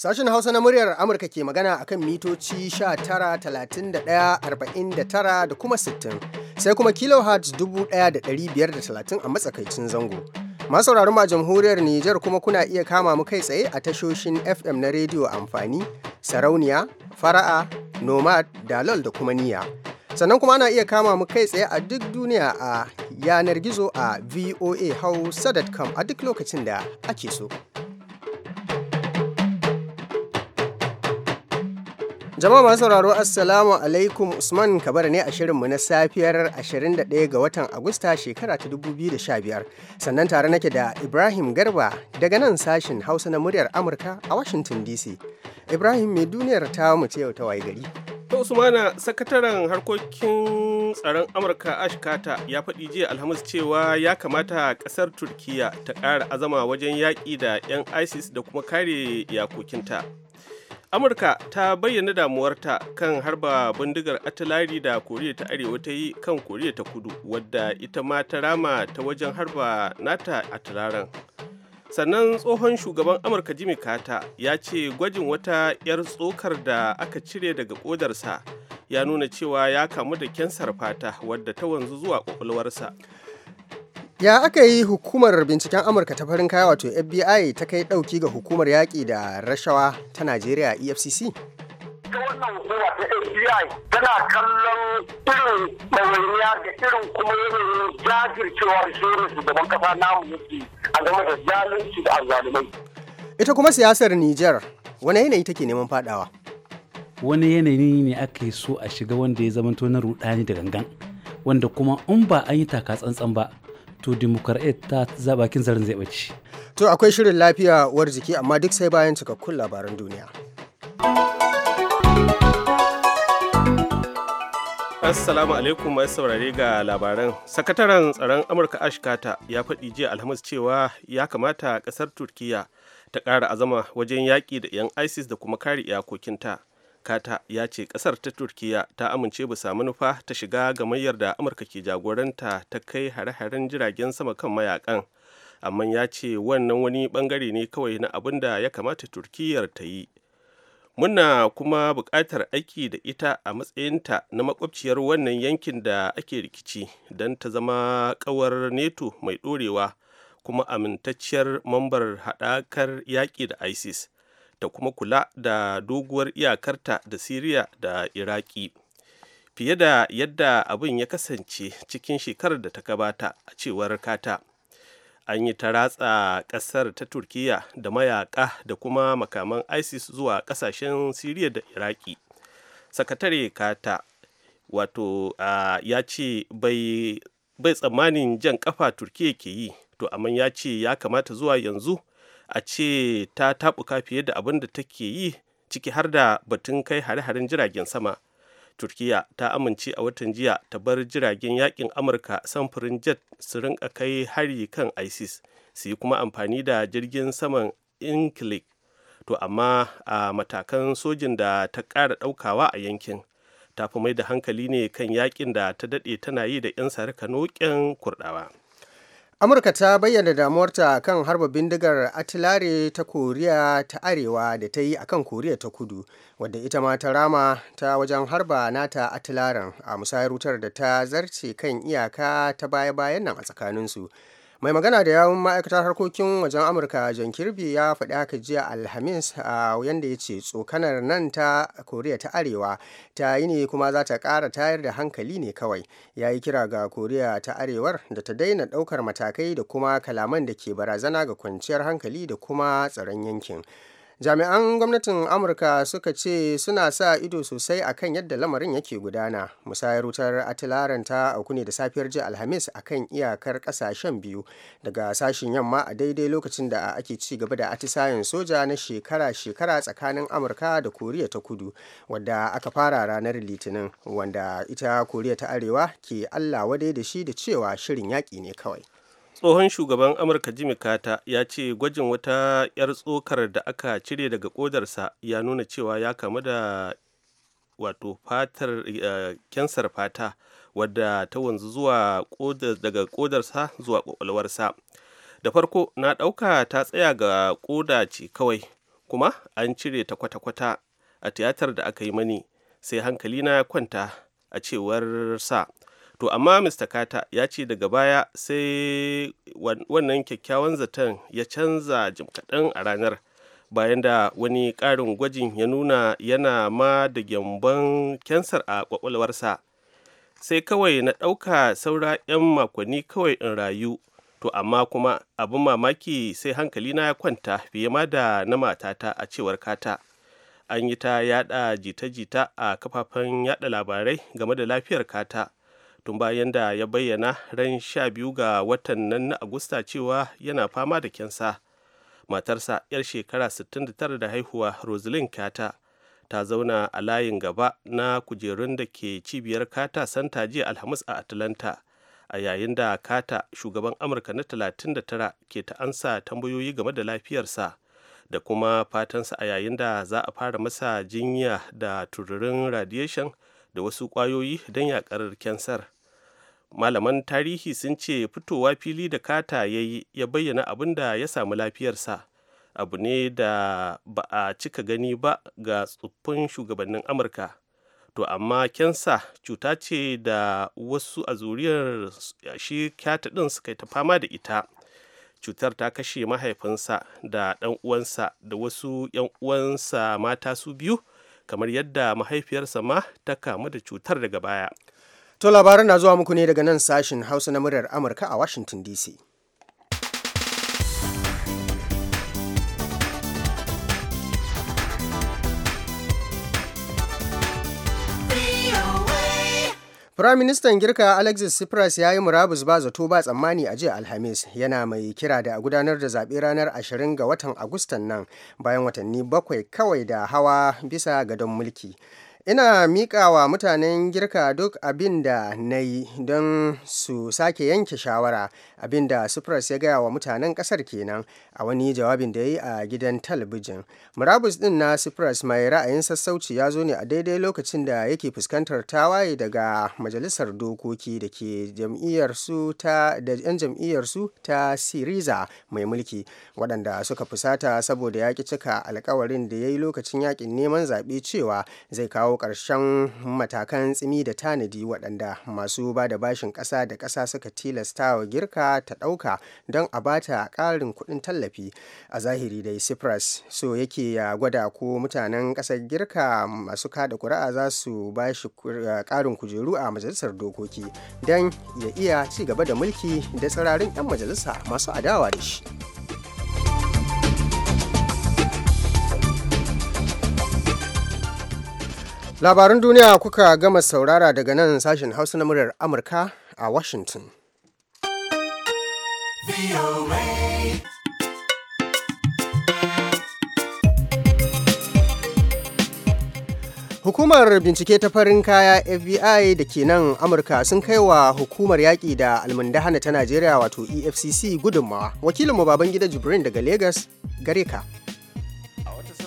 Sashen Hausa na muryar Amurka ke magana a kan mitoci 19,31,49 da kuma 60 sai kuma kilohertz 1,530 a matsakaicin zango. Masauraran ma jamhuriyar Nijar kuma kuna iya kama mu kai tsaye a tashoshin FM na rediyo amfani, sarauniya, fara'a, nomad, dalol da kuma niya. Sannan kuma ana iya kama mu kai tsaye a duk duniya a yanar gizo a voahausa.com a duk lokacin da ake so. Jama'a masu sauraro Assalamu alaikum Usman Kabara ne a shirinmu na safiyar 21 ga watan Agusta shekara ta 2015. Sannan tare nake da Ibrahim Garba daga nan sashin Hausa na muryar Amurka a Washington DC. Ibrahim mai duniyar ta mu ce ta waye gari. Ta Usmana sakataren harkokin tsaron Amurka Ash ya faɗi jiya Alhamis cewa ya kamata ƙasar turkiyya ta ƙara azama wajen yaki da 'yan ISIS da kuma kare yakokinta. amurka ta bayyana damuwarta kan harba bindigar atalari da koriya ta arewa ta yi kan koriya ta kudu wadda ita ma ta rama ta wajen harba nata a turaren sannan tsohon shugaban amurka jimmy carter ya ce gwajin wata 'yar tsokar da aka cire daga kodarsa ya nuna cewa ya kamu da kyansar fata wadda ta wanzu zuwa kwakwalwarsa Ya aka yi hukumar binciken Amurka ta farin kaya wato FBI ta kai ɗauki ga hukumar yaƙi da rashawa ta Najeriya EFCC? ta wannan ta FBI tana kallon irin ɗawainiya da irin kuma yanayin jajircewar shirin kasa namu yake a game da zalunci da azalumai. Ita kuma siyasar Nijar wani yanayi take neman fadawa. Wani yanayi ne aka yi so a shiga wanda ya zama na ruɗani da gangan wanda kuma in ba an yi taka tsantsan ba to demokarɗe ta za kin zarin zai ɓace. to akwai shirin lafiya uwar jiki amma duk sai bayan cikakkun labaran duniya. Assalamu alaikum mai saurare ga labaran. Sakataren tsaron Amurka Ashkata ya faɗi jiya Alhamis cewa ya kamata ƙasar Turkiyya ta ƙara azama wajen yaƙi da 'yan ISIS da kuma kare iyakokinta. kata ya ce kasar ta turkiya ta amince bisa manufa ta shiga gamayyar da amurka ke jagoranta ta kai hare-haren jiragen sama kan mayakan amma ya ce wannan wani bangare ne kawai na abin da ya kamata turkiyar ta yi muna kuma bukatar aiki da ita a matsayinta na makwabciyar wannan yankin da ake rikici don ta zama kawar neto mai ɗorewa kuma amintacciyar mambar haɗakar yaƙi da isis ta kuma kula da doguwar iyakarta da siriya da iraki fiye da yadda abin ya kasance cikin shekarar da ta gabata a cewar kata an yi ta ratsa ƙasar ta Turkiyya da mayaka da kuma makaman isis zuwa ƙasashen siriya da iraki sakatare kata wato ya ce bai tsammanin jan kafa turkiya ke yi to amma ya ce ya kamata zuwa yanzu a ce ta taɓuka fiye da abin da take yi ciki har da batun kai hare-haren jiragen sama turkiya ta amince a watan jiya ta bar jiragen yakin amurka samfurin jet su rinka kai hari kan isis su yi kuma amfani da jirgin saman inkilik to amma a matakan sojin da ta ƙara ɗaukawa a yankin ta fi mai da hankali ne kan yakin da ta daɗe tana yi da 'yan sarika noƙin kurɗawa amurka ta bayyana damuwarta kan harba bindigar atilare ta koriya ta arewa da ta yi akan koriya ta kudu wadda ita ma ta rama ta wajen harba nata atilaren a musayar wutar da ta zarce kan iyaka ta baya-bayan nan a tsakaninsu mai magana da yawun ma'aikatar harkokin wajen amurka john kirby ya faɗi haka jiya alhamis a yanda ya ce tsokanar nan ta koriya ta arewa ta yi ne kuma za ta ƙara tayar da hankali ne kawai ya yi kira ga koriya ta arewar da ta daina ɗaukar matakai da kuma kalaman da ke barazana ga kwanciyar hankali da kuma tsaron yankin jami'an gwamnatin amurka suka ce suna sa ido sosai akan yadda lamarin yake gudana musayar wutar atilaranta a auku ne da safiyar ji alhamis kan iyakar kasashen biyu daga sashen yamma a daidai lokacin da ake ci gaba da atisayen soja na shekara-shekara tsakanin amurka da koriya ta kudu wadda aka fara ranar litinin wanda ita koriya ta arewa ke allah wadai da shi da cewa shirin yaƙi ne kawai tsohon shugaban amurka jimmy carter ya ce gwajin wata 'yar tsokar da aka cire daga kodarsa ya nuna cewa ya kamu da wato fatar eh, kyansar fata wadda ta wanzu zuwa daga kodarsa zuwa kwakwalwarsa da farko na ɗauka ta tsaya ga koda ce kawai kuma an cire ta kwata-kwata a tiyatar da aka yi mani sai hankali na kwanta a cewar sa to amma mr Kata ya ce daga baya sai wannan kyakkyawan zaton ya canza jim kaɗan a ranar bayan da wani ƙarin gwajin ya nuna yana ma da gyamban kyansar a kwakwalwarsa sai kawai na ɗauka saura 'yan makonni kawai in rayu to amma kuma abin mamaki sai hankali na ya kwanta fiye ma da na matata a cewar kata an yi ta yada jita-jita a kafafen yada labarai game da lafiyar kata tun bayan da ya bayyana ran 12 ga watan nan na agusta cewa yana fama da kyansa matarsa 'yar shekara 69 da haihuwa rosalind kata ta zauna a layin gaba na kujerun da ke cibiyar kata santa jiya alhamis a atlanta a yayin da kata shugaban amurka na 39 ke ta ansa tambayoyi game da lafiyarsa da kuma fatansa a yayin da za a fara masa jinya da tururin radiation da wasu kwayoyi don yakar kyansar malaman tarihi sun ce fitowa fili da kata ya yi ya bayyana abin da ya samu lafiyarsa abu ne da ba a cika gani ba ga tsoffin shugabannin amurka to amma kensa cuta ce da wasu a zuriyar shi kyata ɗin suka ta fama da ita cutar ta kashe mahaifinsa da ɗan uwansa da wasu 'yan uwansa mata su biyu kamar yadda mahaifiyarsa ma ta kamu da cutar daga baya to labaran na zuwa muku ne daga nan sashin hausa na muryar amurka a washington dc Firaministan Girka Alexis Tsipras ya yi murabus ba zato ba tsammani a jiya Alhamis yana mai kira da a gudanar da zaɓe ranar 20 ga watan Agustan nan bayan watanni bakwai kawai da hawa bisa gadon mulki. ina miƙawa mutanen girka duk abin da na yi don su sake yanke shawara abinda sufras ya gaya wa mutanen kasar kenan a wani jawabin da ya yi a gidan talabijin murabus din na sufras mai ra'ayin sassauci ya zo ne a daidai lokacin da yake fuskantar tawaye daga majalisar dokoki da ke jam'iyyarsu 'yan jam'iyyarsu ta siriza mai mulki waɗanda suka fusata saboda ya ki cika alkawarin da ya yi lokacin yakin neman zaɓe cewa zai kawo ƙarshen matakan tsimi da tanadi waɗanda masu ba da bashin ƙasa da ƙasa suka tilasta wa girka ta ɗauka don a bata ƙarin kuɗin tallafi a zahiri dai cyprus so yake ya gwada ko mutanen ƙasar girka masu kada ƙuri'a za su ba shi eh, ƙarin kujeru a majalisar dokoki don ya iya ci gaba da mulki da tsirarin 'yan majalisa masu adawa da shi labarun duniya kuka gama saurara daga nan sashen hausa na muryar amurka a washington Hukumar bincike ta farin kaya FBI da ke nan Amurka sun kai wa hukumar yaƙi da almundahana ta Najeriya wato EFCC gudunmawa. Wakilinmu gida Jibrin daga Legas Gareka.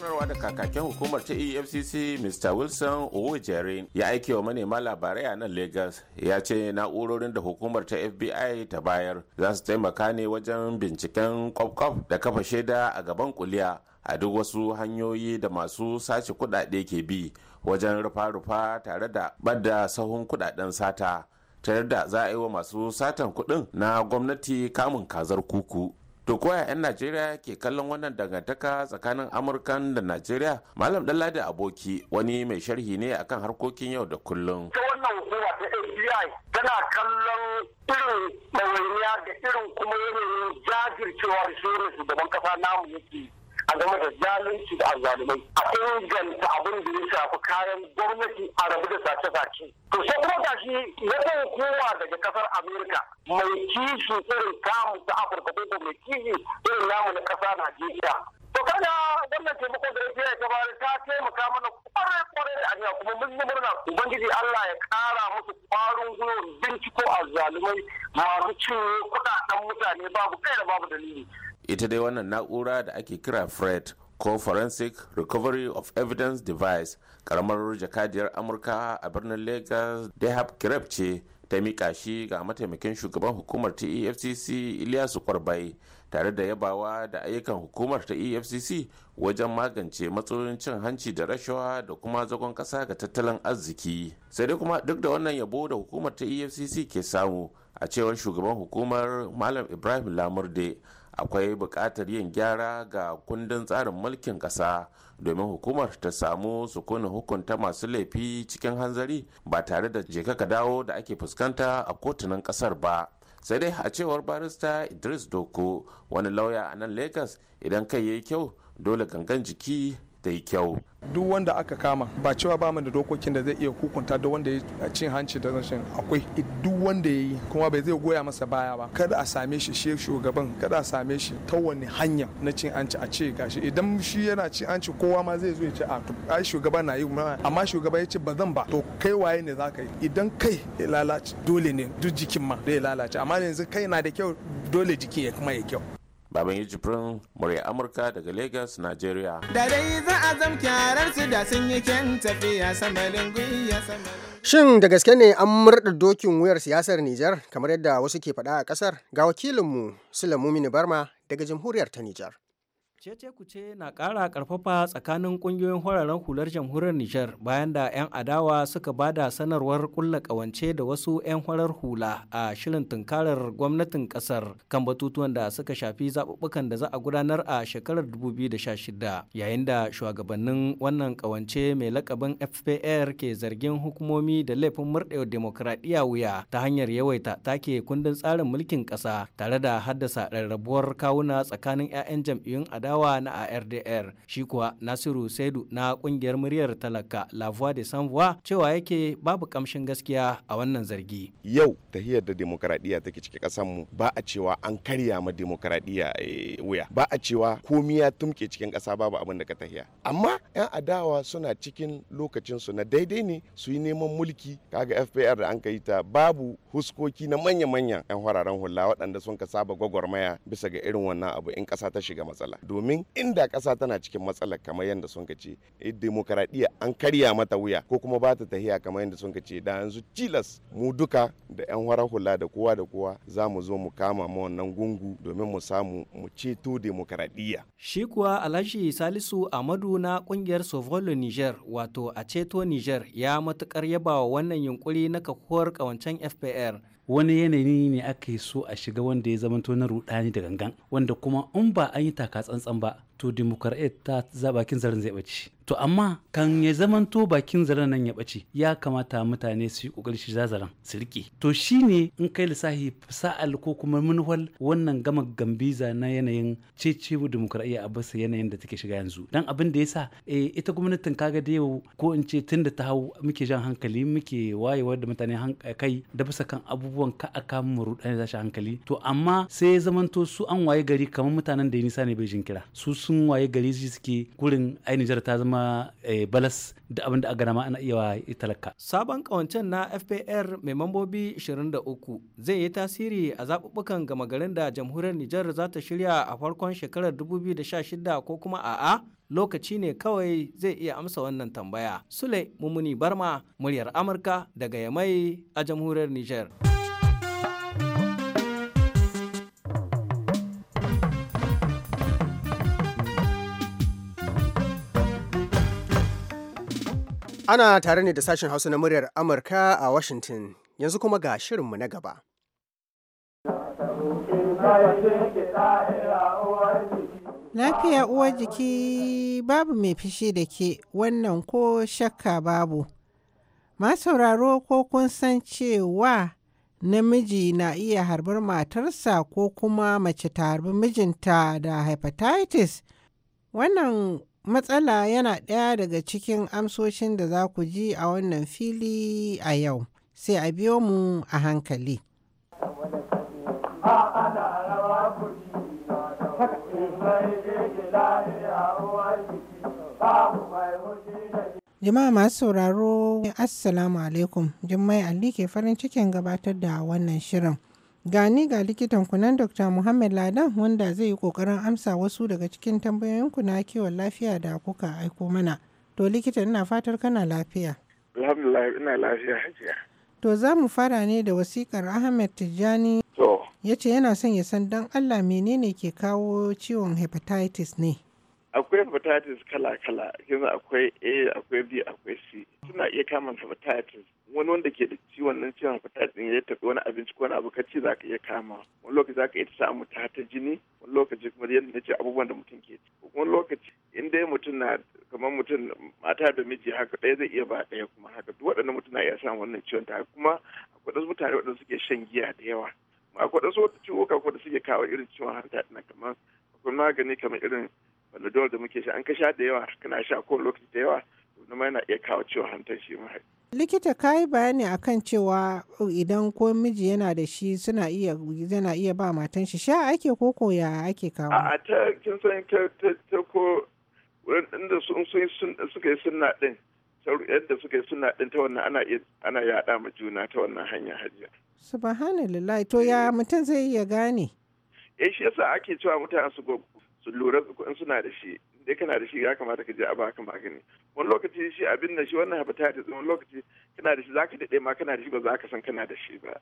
sanarwa da kakakin hukumar ta efcc mr wilson owojere ya aike wa manema labarai a nan lagos ya ce na'urorin da hukumar ta fbi ta bayar za su taimaka ne wajen binciken kwaf da kafa shaida a gaban kuliya a duk wasu hanyoyi da masu sace kudade ke bi wajen rufa-rufa tare da bada sahun kudaden sata ta yadda za a yi wa masu satan kudin na gwamnati kamun kazar kuku To koya 'yan Najeriya ke kallon wannan dangantaka tsakanin Amurkan da Najeriya? Malam Dallade Aboki wani mai sharhi ne akan harkokin yau da kullum. Ta wannan hukuma ta FBI tana kallon irin ɗawainiya da irin kuma yanayin jajircewar shirin shugaban kasa namu yake a game da zalunci da azzalumai a inganta abin da ya shafi kayan gwamnati a rabu da sace-sace to sai kuma gashi wata kowa daga kasar amerika mai kishi irin kamun ta afirka ko mai kishi irin namu na kasa najeriya to kaga wannan taimako da ya ta Bari ta taimaka mana kwarai kwarai da aniya kuma mun yi murna ubangiji Allah ya kara musu kwarin gwiwa binciko azzalumai masu cin kuɗaɗen mutane babu kai da babu dalili ita dai wannan na'ura da ake kira fred ko forensic recovery of evidence device karamar jakadiyar amurka a birnin lagos dahab kirab ce ta mika shi ga mataimakin shugaban hukumar ta efcc iliyasu kwarbai tare da yabawa da ayyukan hukumar ta efcc wajen magance matsalolin cin hanci da rashawa da kuma zagon kasa ga tattalin arziki sai dai kuma duk da wannan yabo da hukumar ta efcc ke samu a cewar shugaban hukumar malam ibrahim lamurde akwai buƙatar yin gyara ga kundin tsarin mulkin ƙasa domin hukumar ta samu sukunin hukunta masu laifi cikin hanzari ba tare da jeka ka dawo da ake fuskanta a kotunan ƙasar ba sai dai a cewar barista idris doko wani lauya a nan lagos idan kai yayi kyau dole gangan jiki da kyau duk wanda aka kama ba cewa ba mu da dokokin da zai iya hukunta duk wanda ya cin hanci da rashin akwai duk wanda ya yi kuma bai zai goya masa baya ba kada a same shi shi shugaban kada a same shi ta wani hanya na cin hanci a ce gashi idan shi yana cin hanci kowa ma zai zo ya ce a ai shugaba na yi amma shugaba ya ce ba zan ba to kai waye ne zaka yi idan kai ya lalace dole ne duk jikin ma da ya lalace amma yanzu kai na da kyau dole jiki ya kuma ya kyau baban yi jibrin murya amurka daga lagos nigeria da dai za a zam kyarar su da sun yi kyan tafiya gwiya shin da gaske ne an murɗa dokin wuyar siyasar nijar kamar yadda wasu ke faɗa a ƙasar ga wakilinmu sulamu mini barma daga jamhuriyar ta nijar cece kuce na ƙara ƙarfafa tsakanin ƙungiyoyin horarren hular jamhuriyar nijar bayan da 'yan adawa suka ba da sanarwar ƙulla ƙawance da wasu 'yan horar hula a shirin tunkarar gwamnatin ƙasar kan batutuwan da suka shafi zaɓuɓɓukan da za a gudanar a shekarar 2016 yayin da shugabannin wannan ƙawance mai lakabin fpr ke zargin hukumomi da laifin murɗe demokuraɗiyya wuya ta hanyar yawaita take kundin tsarin mulkin ƙasa tare da haddasa rarrabuwar kawuna tsakanin 'ya'yan jam'iyyun adawa yawa na ARDR shi kuwa Nasiru Saidu na kungiyar muryar talaka La Voix de Sans Voix cewa yake babu kamshin gaskiya a wannan zargi. Yau tahiyar da demokradiyya take cike kasan mu ba a cewa an karya ma demokradiyya eh, wuya ba a cewa komi ya tumke cikin kasa babu abin da ka tahiya amma yan adawa suna cikin lokacin su na daidai ne su yi neman mulki kaga FPR da an kai ta babu huskoki na manya manya yan hararen hula waɗanda sun ka saba gwagwarmaya bisa ga irin wannan abu in kasa ta shiga matsala domin inda ƙasa tana cikin matsala kamar yadda sun ka ce eh, dimokuraɗiyya an karya mata wuya ko kuma ba ta tahiya kamar yadda sun ka ce da yanzu cilas mu duka da 'yan hara hula da kowa da kowa za mu zo mu kama ma wannan gungu domin mu samu mu ceto dimokuraɗiyya. Shi kuwa Alhaji Salisu Amadu na kungiyar Sovolo Niger wato a ceto Niger ya matukar yaba wa wannan yunkuri na kakuwar ƙawancen FPR. wani yanayi ne aka so a shiga wanda ya zama na rudani da gangan wanda kuma in ba an yi taka tsantsan ba to demokarɗiyya ta bakin zarin zai ɓace to amma kan ya zamanto bakin zaren nan ya ɓace ya kamata mutane su yi ƙoƙari shi zaren su riƙe to ne in kai lissafi sa'al ko kuma munhwal wannan gama gambiza na yanayin cecewu dimokuraɗiyya a basa yanayin da take shiga yanzu dan abin da yasa e, eh, ita gwamnatin kaga da yau ko in ce tun da ta hau muke jan hankali muke wayewar da mutane eh, kai da bisa kan abubuwan ka a kama mu rudani tashi hankali to amma sai ya zamanto su an waye gari kamar mutanen da ya nisa ne bai jinkira su sun waye gari suke gurin ainihin ta zama kuma eh, balas da abin da aga ana iya wa talaka. Sabon kawancen na FPR mai mambobi 23 zai yi tasiri a zaɓuɓɓukan gama garin da jamhuriyar Nijar za ta shirya a farkon shekarar 2016 ko kuma a'a lokaci ne kawai zai iya amsa wannan tambaya. Sule Mumuni Barma, muryar Amurka daga Yamai a jamhuriyar Nijar. Ana tare ne da sashen Hausa na muryar Amurka a Washington, yanzu kuma ga shirinmu na gaba. Lafiya uwar jiki babu mai fishi da ke wannan ko shakka babu. sauraro ko kun san cewa namiji na iya harbar matarsa ko kuma mace ta harbi mijinta da hepatitis? Wannan Matsala yana ɗaya daga cikin amsoshin da za ku ji a wannan fili a yau, sai a biyo mu a hankali. Jama'a masu sauraro, Assalamu alaikum, Jummai Ali ke farin cikin gabatar da wannan shirin. Gani ga likitan kunan Dr. Muhammad Ladan wanda zai yi kokarin amsa wasu daga cikin tambayoyinku na kiwon lafiya da kuka aiko mana. To likita ina fatar kana lafiya. Alhamdulillah ina lafiya To za mu fara ne da wasikar Ahmed Tijjani. To. Ya ce yana son ya san don Allah menene ke kawo ciwon hepatitis ne. akwai hepatitis kala-kala yanzu akwai a akwai b akwai c suna iya kama hepatitis wani wanda ke da ciwon nan ciwon hepatitis ya tafi wani abinci ko wani abu kaci za ka iya kama wani lokaci za ka iya samu ta ta jini wani lokaci kuma yadda na ce abubuwan da mutum ke ci wani lokaci in dai mutum na kamar mutum mata da miji haka ɗaya zai iya ba ɗaya kuma haka duk waɗannan mutum na iya samun wannan ciwon ta kuma akwai wasu mutane waɗanda suke shan giya da yawa akwai wasu ciwuka da suke kawo irin ciwon hanta na kamar akwai magani kamar irin panadol da muke sha an ka sha da yawa kana sha ko lokaci da yawa domin yana iya kawo ciwon hantar shi ma likita ka yi bayani a kan cewa idan ko miji yana da shi suna iya yana iya ba matan shi sha ake ko ko ya ake kawo a ta kin san ta ta ko inda sun sun suka yi sunna din yadda suka yi suna ɗin ta wannan ana ana yaɗa ma juna ta wannan hanya hajiya. Subhanallah to ya eh. mutum zai iya gane. Eh shi yasa ake cewa mutane su su lura in suna da shi dai kana da shi ya kamata ka je a baka magani wani lokaci shi abin da shi wannan hepatitis wani lokaci kana da shi zaka daɗe ma kana da shi ba za ka san kana da shi ba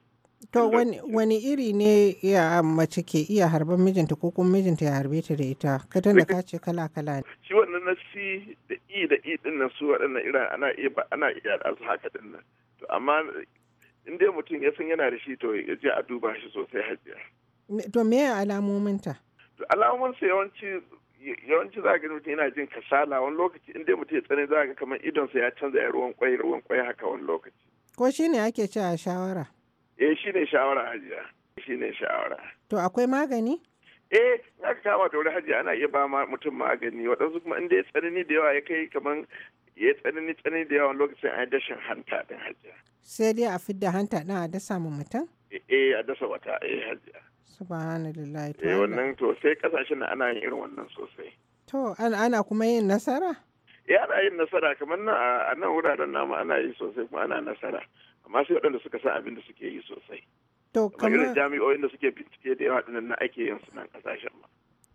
to wani iri ne ya mace ke iya harban mijinta ko kuma mijinta ya harbe ta da ita ka da ka ce kala kala ne shi wannan na c da e da e din nan su waɗannan iran ana iya ana iya da su haka din nan to amma in dai mutum ya san yana da shi to ya je a duba shi sosai hajiya to me alamominta alamunsa yawanci yawanci za gani mutum yana jin kasala wani lokaci inda mutum ya tsane za ga kamar idonsa ya canza ya ruwan kwai ruwan kwai haka wani lokaci ko shi ne ake cewa shawara eh ne shawara hajiya shi ne shawara to akwai magani eh na kama da wuri hajiya ana iya ba mutum magani waɗansu kuma inda ya tsanani da yawa ya kai kamar ya tsanani tsanani da yawa lokacin an dashin hanta din hajiya sai dai a fidda hanta ɗin a dasa mu mutum eh a dasa wata eh hajiya Subhanallah. eh wannan to sai kasashen da ana yin irin wannan sosai to ana kuma yin nasara eh ana yin nasara kamar na a nan wuraren namu ana yi sosai kuma ana nasara amma sai waɗanda suka san abin da suke yi sosai to kamar jami'o'in da suke bincike da yawa dinnan na ake yin su nan kasashen ma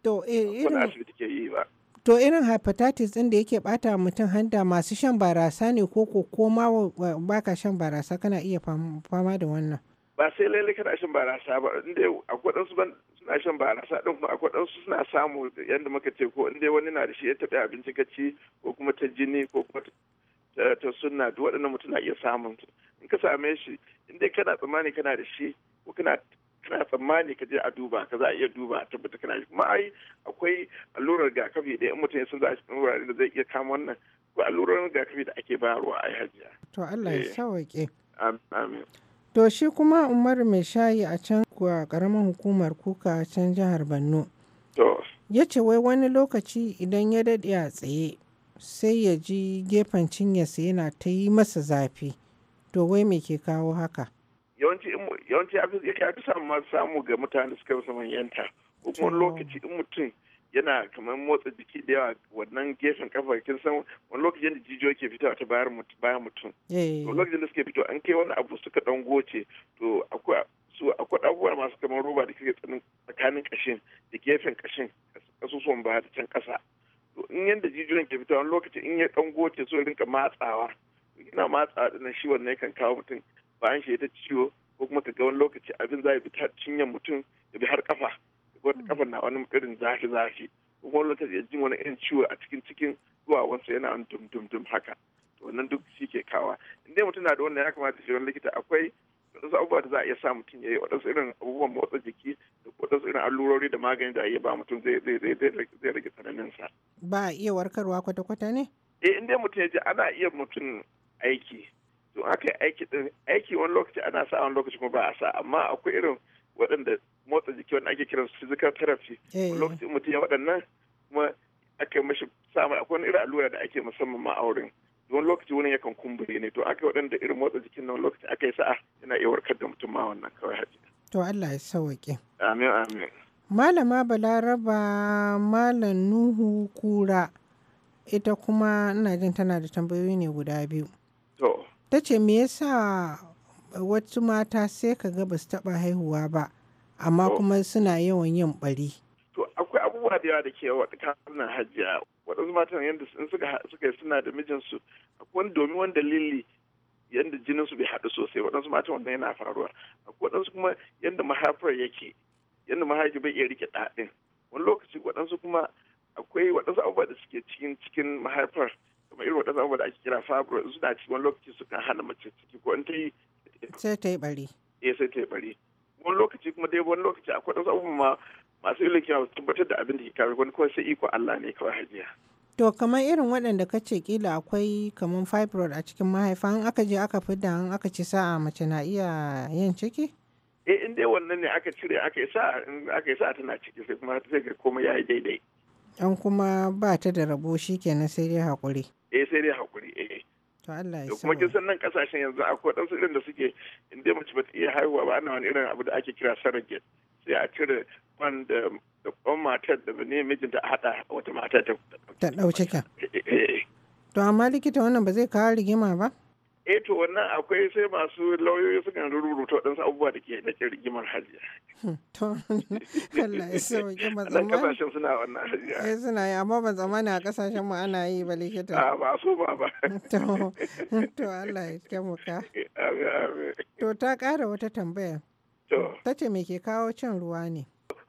to eh, irin asibiti ke yi ba to irin hepatitis din da yake bata mutum handa masu shan barasa ne ko ko koma baka shan barasa kana iya fama da wannan ba sai lalle kana shan barasa ba inda akwai ɗansu suna shan barasa ɗin kuma akwai ɗansu suna samu yadda muka ce ko inda wani na da shi ya taɓa abinci ka ci ko kuma ta jini ko kuma ta sunna duk waɗannan mutum na iya samun su in ka same shi in dai kana tsammani kana da shi ko kana kana tsammani ka je a duba ka za a iya duba a tabbata kana shi kuma ai akwai allurar rigakafi da in mutum ya san za a cikin wurare da zai iya kama wannan ko allurar rigakafi da ake bayarwa a yi hajiya. To Allah ya eh. sawaƙe. Amin. To shi kuma Umaru mai shayi a can kuwa ƙaramin hukumar kuka a can jihar Borno. Ya ce wai wani lokaci idan ya daɗe a tsaye sai ya ji gefen cinyarsa yana ta yi masa zafi. To wai me ke kawo haka? Yawanci ya fi samu samu ga mutane suka rasa manyanta. Kuma lokaci in mutum yana kamar motsa jiki da yawa wannan gefen kafa kin san wani lokacin da jijiyo ke fitowa ta bayan mutum eh. to lokacin da suke fito an kai wani abu suka dan goce to akwai su akwai abubuwa masu kamar roba da tsanin tsakanin kashin da gefen kashin kasusuwan baya da can kasa to in yanda jijiyoyin ke fitowa wani lokacin in ya dan goce so rinka matsawa ina matsawa dinnan shi wannan yakan kawo mutum bayan shi ya ta ciwo ko kuma ka ga wani lokaci abin za ya bi cinyan mutum ya bi har kafa wata kafar na wani irin zafi zafi wani lokaci ya jin wani irin ciwo a cikin cikin duwawansa yana an dum dum dum haka wannan duk shi ke kawa inda mutum na da wannan ya kamata shi wani likita akwai wadansu abubuwa da za a iya sa mutum ya yi wadansu irin abubuwan motsa jiki da wadansu irin allurori da magani da iya ba mutum zai zai zai zai rage tsananin sa ba a iya warkarwa kwata kwata ne eh inda mutum ya ji ana iya mutum aiki to aka yi aiki din aiki wani lokaci ana sa wani lokaci kuma ba a sa amma akwai irin waɗanda motsa jiki wanda ake kiran physical therapy eh. lokacin mutum ya waɗannan kuma aka mashi samun akwai irin allura da ake musamman ma auren don lokaci wani yakan kumbure ne to aka waɗanda irin motsa jikin nan lokaci aka yi sa'a yana iya warkar da mutum ma wannan kawai haji to Allah ya sauke amin amin malama balaraba malam nuhu kura ita kuma ina jin tana da tambayoyi ne guda biyu to ta ce me yasa wasu mata sai ka ga ba su taɓa haihuwa ba amma kuma suna yawan yin bari. To akwai abubuwa da yawa da ke yawa tsakanin hajiya waɗansu matan yadda suka suka suna da mijinsu akwai wani domin wani dalili yadda jininsu bai haɗu sosai waɗansu matan wanda yana faruwa akwai waɗansu kuma yadda mahaifar yake yadda mahaifi bai iya rike ɗaɗin wani lokaci waɗansu kuma akwai waɗansu abubuwa da suke cikin cikin mahaifar kamar irin waɗansu abubuwa da ake kira fabro suna cikin wani lokaci suka hana mace ciki ko in ta yi sai ta yi bari eh sai ta yi bari wani lokaci kuma dai wani lokaci akwai wasu abubuwa ma masu ilimi su tabbatar da abin da ke kare wani kawai sai iko Allah ne kawai hajiya To kamar irin waɗanda ka ce kila akwai kamar fibroid a cikin mahaifa an aka je aka fidda an aka ci sa'a mace na iya yin ciki? Eh in dai wannan ne aka cire aka yi sa'a aka yi sa'a tana ciki sai kuma sai ga komai ya yi daidai. An kuma ba ta da rabo shi kenan sai dai haƙuri. Eh sai dai haƙuri eh. To Allah ya kuma kin san nan kasashen yanzu akwai dan irin da suke inda mace ba ta iya haihuwa ba ana wani irin abu da ake kira sarage sai a cire kwan da kwan matar da ne mijinta a hada wata mata ta ta ka. Eh, eh, eh. To amma likita wannan ba zai kawo rigima ba? eh to wannan akwai sai masu lauyoyi sukan rubuta waɗansu abubuwa da ke na rigimar hajiya. Hmm, to, Allah ya sauke ba zaman. kasashen suna wannan hajiya. Eh suna yi, amma ba zamani a kasashen mu ana yi ba likita. A ah, ba su ba ba. To, to Allah ya taimaka. Amin amin. To ta ƙara wata tambaya. To. Ta ce me ke kawo cin ruwa ne?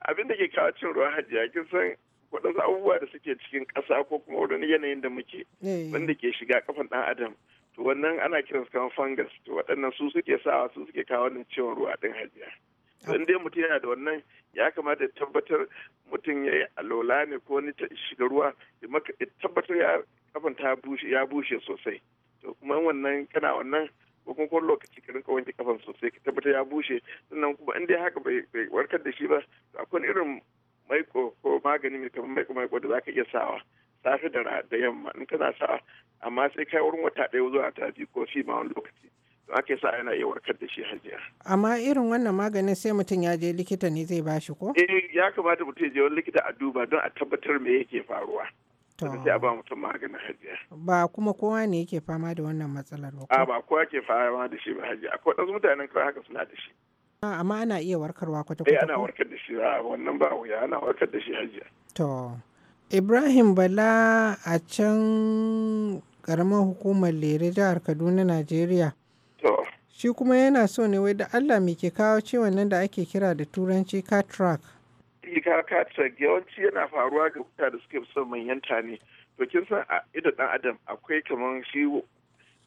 Abin da ke kawo cin ruwa hajiya kin san waɗansu abubuwa da suke cikin ƙasa ko kuma wani yanayin da muke eh. wanda ke shiga kafan ɗan adam. to wannan ana kiransu kan fungus to waɗannan su suke sawa su suke kawo wannan ciwon ruwa din hajiya to dai mutum yana da wannan ya kamata ya tabbatar mutum ya yi alola ne ko wani shiga ruwa ya tabbatar ya bushe ya bushe sosai to kuma wannan kana wannan ko kuma kowane lokaci ka rinka wanke kafan sosai ka tabbatar ya bushe sannan kuma in dai haka bai warkar da shi ba akwai irin maiko ko magani mai kamar maiko maiko da zaka iya sawa safe da da yamma in kana sa amma sai kai wurin wata ɗaya zuwa wata biyu ko fi ma wani lokaci to ake sa yana iya warkar da shi hajiya. amma irin wannan maganin sai mutum ya je likita ne zai bashi ko? eh ya kamata mutum ya je wani likita a duba don a tabbatar me yake faruwa. sai a ba mutum maganin hajiya. Ba kuma kowa ne yake fama da wannan matsalar ba. A ba kowa ke fama da shi ba hajiya. Akwai ɗansu mutanen kawai haka suna da shi. Ah, amma ana iya warkarwa kwata-kwata. Eh, ana warkar da shi ah, wannan ba wuya ana warkar da shi hajiya. To. Ibrahim Bala a can ƙaramar hukumar Lere jihar Kaduna, Najeriya. Shi kuma yana so ne wai da Allah mai ke kawo ciwon nan da ake kira da turanci cataract. kawo cataract yawanci yana faruwa ga mutane da suke son manyanta ne. To kin san a ido dan Adam akwai kaman shi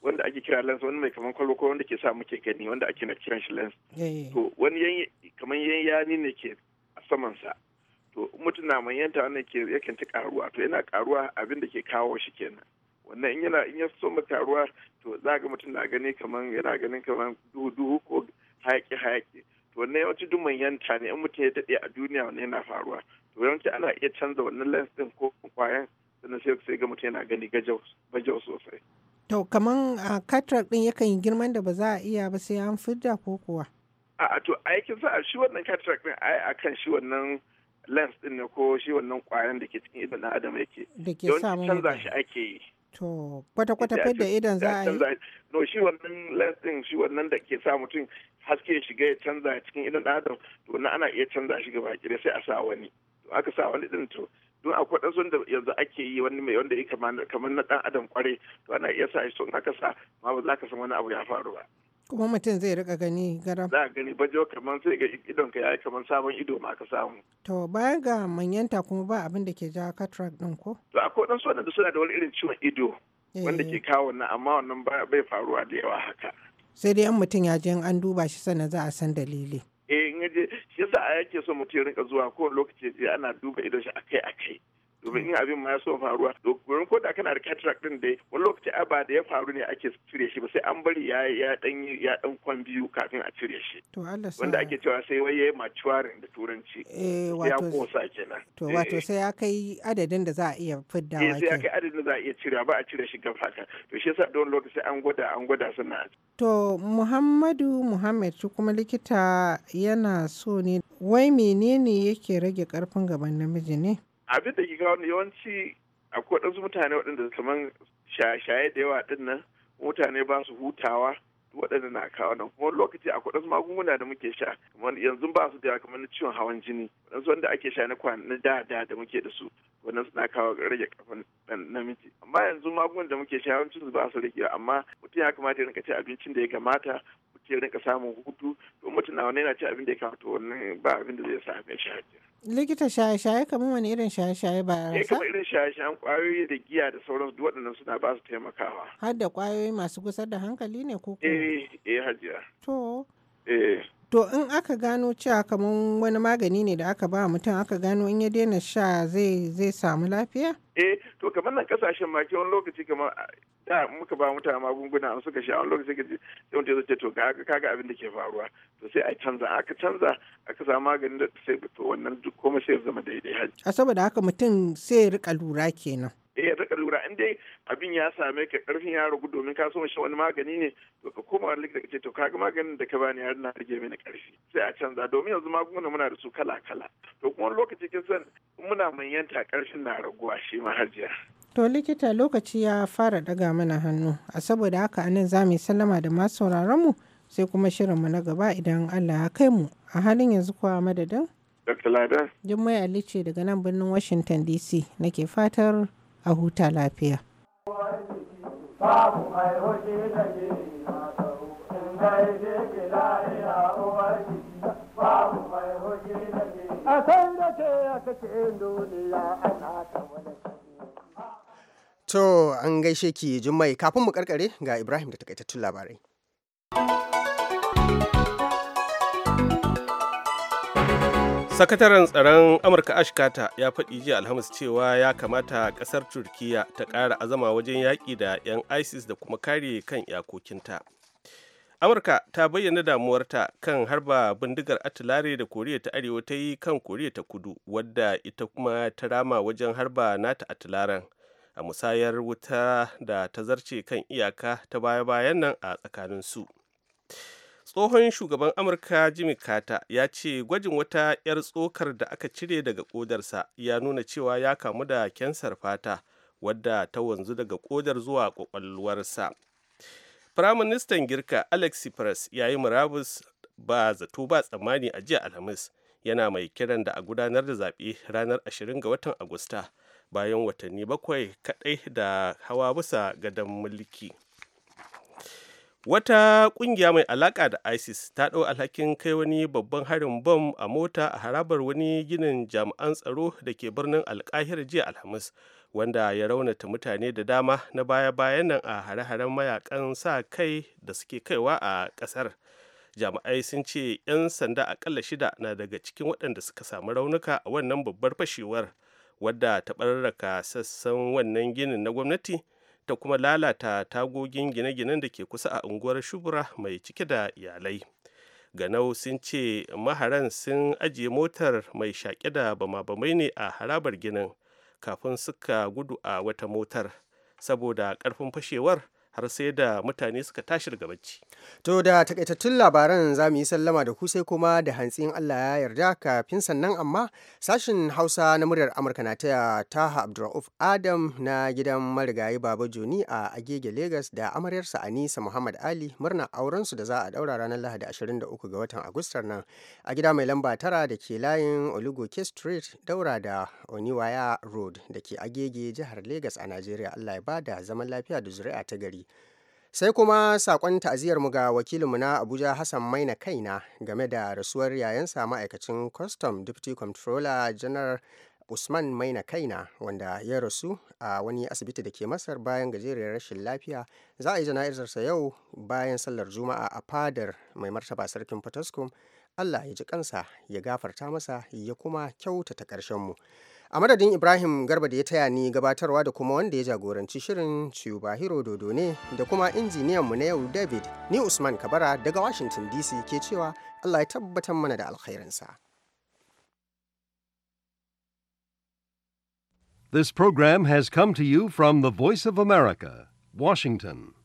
wanda ake kira lens wani mai kaman kwalwa wanda ke sa muke gani wanda ake na kiran shi lens. Eh, eh. To wani kaman yanyani ne ke a saman sa. to mutum na manyanta wannan ke yakan ci karuwa to yana karuwa abin da ke kawo shi kenan wannan in yana in ya so mu karuwa to za ga mutum na gani kaman yana ganin kaman duhu duhu ko hayaki hayaki to wannan yawanci duk manyanta ne in mutum ya daɗe a duniya wannan yana faruwa to yawanci ana iya canza wannan lens din ko kwayan sannan sai sai ga mutum yana gani gajau sosai to kaman a cataract din yakan yi girman da ba za a iya ba sai an fidda ko kuwa a to aikin sa shi wannan cataract din ai akan shi wannan lens din ne ko shi wannan kwayan da ke cikin idan adam yake da ke samu canza shi ake yi to kwata kwata fadda idan za a yi no shi wannan lens din shi wannan da ke sa mutum haske shiga ya canza cikin idan adam to wannan ana iya canza shi gaba ki sai a sa wani to aka sa wani din to don akwai ɗansu da yanzu ake yi wani mai wanda ya kamar na ɗan adam kware to ana iya sa shi to in aka sa ma ba za ka san wani abu ya faru ba kuma mutum zai rika gani garam za a gani bajo kamar sai ga idon ka yayi kamar sabon ido ma ka samu to bayan ga manyanta kuma ba abin da ke jawo cataract din ko to ko dan sunan da suna da wani irin ciwon ido wanda ke eh. kawo wannan amma wannan bai faruwa da yawa haka sai dai an mutum ya je an duba shi sannan za a san dalili eh in je shi yasa a yake so mutum ya rinka zuwa kowane lokaci ya ana duba idon shi akai akai domin in abin ma ya so faruwa domin ko da kana da cataract din dai wani lokaci ba da ya faru ne ake cire shi ba sai an bari ya ya dan ya dan kwan biyu kafin a cire shi to Allah wanda ake cewa sai wai yayi maturing da turanci eh wato ya kosa kenan to wato eh. sai ya kai adadin da za a iya fiddawa ke. Eh, sai ya kai adadin da za a iya cirewa ba a cire shi gaba haka to shi yasa don lokaci an gwada an gwada suna to Muhammadu Muhammad shi kuma likita yana so ne wai menene yake rage karfin gaban namiji ne abin da ke wani yawanci akwai waɗansu mutane waɗanda kamar shaye da yawa ɗin nan mutane ba su hutawa waɗanda na kawo nan kuma lokaci akwai wasu magunguna da muke sha kamar yanzu ba su da kamar na ciwon hawan jini waɗansu wanda ake sha na na da da da muke da su wannan suna kawo rage kafin ɗan namiji amma yanzu magungunan da muke sha yawancin su ba su rage amma mutum ya kamata ya rinka ci abincin da ya kamata mutum ya rinka samun hutu to mutum na wani yana ci abin da ya kamata wannan ba abin da zai sa mai likita shaye-shaye kamar wani irin shaye-shaye ba ya eh, kamar irin shaye-shayen kwayoyi da giya da sauran waɗannan suna ba su taimakawa har da kwayoyi masu gusar da hankali ne ko eh eh hajiya to eh To in aka gano cewa kamar wani magani ne da aka ba mutum aka gano in ya daina sha zai zai samu lafiya? Eh to kamar nan kasashen maki wani lokaci kamar da muka ba mutane magunguna an suka sha wani lokaci ka sai mutum zai ce to kaga abin da ke faruwa to sai a canza aka canza aka samu magani da sai to wannan duk kuma sai ya zama daidai haji. A saboda haka mutum sai ya rika lura kenan. eh ya rika lura in dai abin ya same ka karfin ya ragu domin ka so shan wani magani ne to ka koma wani likita kace to kaga maganin da ka bani har na rage mini karfi sai a canza domin yanzu magunguna muna da su kala kala to kuma lokaci kin san muna manyanta karfin na raguwa shi ma hajiya To likita lokaci ya fara daga mana hannu, a saboda haka anan za mu sallama da masu mu sai kuma shirin mu na gaba idan Allah ya kai mu. A halin yanzu kuwa madadin? Dr. Lada. Jummai Ali ce daga nan birnin Washington DC nake fatar a huta lafiya. To an gaishe ki jummai kafin mu karkare ga Ibrahim da takaitattun labarai. sakataren tsaron amurka ashkata ya faɗi jiya alhamis cewa ya kamata ƙasar turkiyya ta ƙara azama wajen yaƙi da 'yan isis da kuma kare kan iyakokinta amurka ta bayyana damuwarta kan harba bindigar atilare da koriya ta arewa ta yi kan koriya ta kudu wadda ita kuma ta rama wajen harba nata atilaren a musayar wuta da ta zarce kan iyaka ta baya-bayan nan a tsakanin su tsohon shugaban amurka jimmy carter ya ce gwajin wata 'yar tsokar da aka cire daga kodarsa ya nuna cewa ya kamu da kyansar fata wadda ta wanzu daga kodar zuwa kwakwalwarsa firaministan girka alex cyprus ya yi murabus ba zato ba tsammani a jiya alhamis yana mai kiran da a gudanar da zaɓe ranar 20 ga watan agusta bayan watanni bakwai kaɗai da hawa bisa gadon mulki. wata kungiya mai alaka da isis ta ɗau alhakin kai wani babban harin bom a mota a harabar wani ginin jami'an tsaro da ke birnin alkahir jiya alhamis wanda ya raunata mutane da dama na baya-bayan nan a hare-haren mayakan sa kai da suke kaiwa a ƙasar jami'ai sun ce 'yan sanda akalla shida na daga cikin waɗanda suka samu raunuka a wannan babbar fashewar wadda ta ɓarraka sassan wannan ginin na gwamnati ta kuma lalata tagogin gine-ginen da ke kusa a unguwar shubura mai cike da iyalai ganau sun ce maharan sun ajiye motar mai shaƙe da bama-bamai ne a harabar ginin kafin suka gudu a wata motar saboda ƙarfin fashewar har sai da mutane suka tashi daga bacci. To da takaitattun labaran za mu yi sallama da ku sai kuma da hantsin Allah ya yarda kafin sannan amma sashin Hausa na muryar Amurka na taya Taha Abdulrauf Adam na gidan marigayi Baba Joni a Agege Lagos da amaryarsa Anisa Muhammad Ali murna auren su da za a daura ranar Lahadi 23 ga watan Agustar nan a gida mai lamba tara da ke layin Olugoke Street daura da Oniwaya Road da ke Agege jihar Lagos a Najeriya Allah ya bada zaman lafiya da zuri'a ta gari. sai kuma sakon mu ga wakilinmu na abuja hassan maina kaina game da rasuwar yayansa ma'aikacin custom deputy controller general usman maina kaina wanda ya rasu a wani asibiti da ke masar bayan gajeriyar rashin lafiya za a yi jana'izarsa yau bayan sallar juma'a a fadar mai martaba sarkin potoskum allah ya ji kansa ya gafarta masa ya kuma kyautata ƙarshenmu a madadin ibrahim garba da ya taya ni gabatarwa da kuma wanda ya jagoranci shirin bahiro dodo ne da kuma injiniyan mu na yau david ni usman kabara daga washington dc ke cewa allah ya tabbatar mana da alkhairinsa This program has come to you from the Voice of America, Washington.